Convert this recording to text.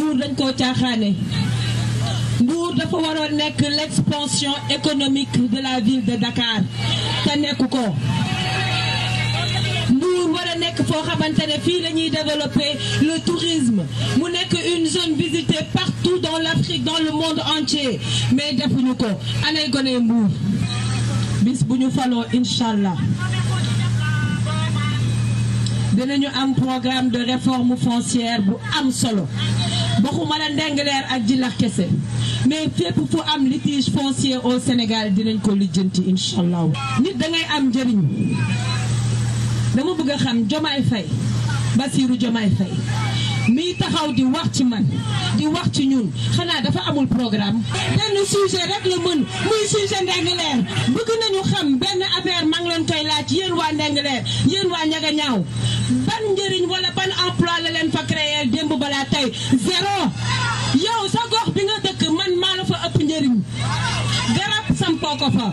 nguur dañ koo caaxaane nguur dafa waroon nekk l'expansion économique de la ville de Dakar te nekk ko Mbour war nekk foo xamante ne fii la ñuy développer le tourisme mu nekk une zone visitée partout dans l'Afrique dans le monde entier mais defuñu ko anay gone Mbour bis bu ñu falo faloo inchallah ñu am programme de réforme foncière bu am solo waxuma la Ndingler ak Djilakh kese mais fépp fu am litige foncier au Sénégal dinañ ko lijjanti incha allah. nit da ngay am njëriñ dama bëgg a xam Diomaye Faye basiiru Diomaye Faye miy taxaw di wax ci man di wax ci ñun xanaa dafa amul programme. benn sujet rek la mën muy sujet Ndingler bëgg nañu xam benn affaire maa ngi leen koy laaj yéen waa Ndingler yéen waa Ndiaga Niaw ban njëriñ wala ban emploi la leen fa créer démb balaa tey. yow sa gox bi nga dëkk man maa la fa ëpp njëriñ garab sampoo ko fa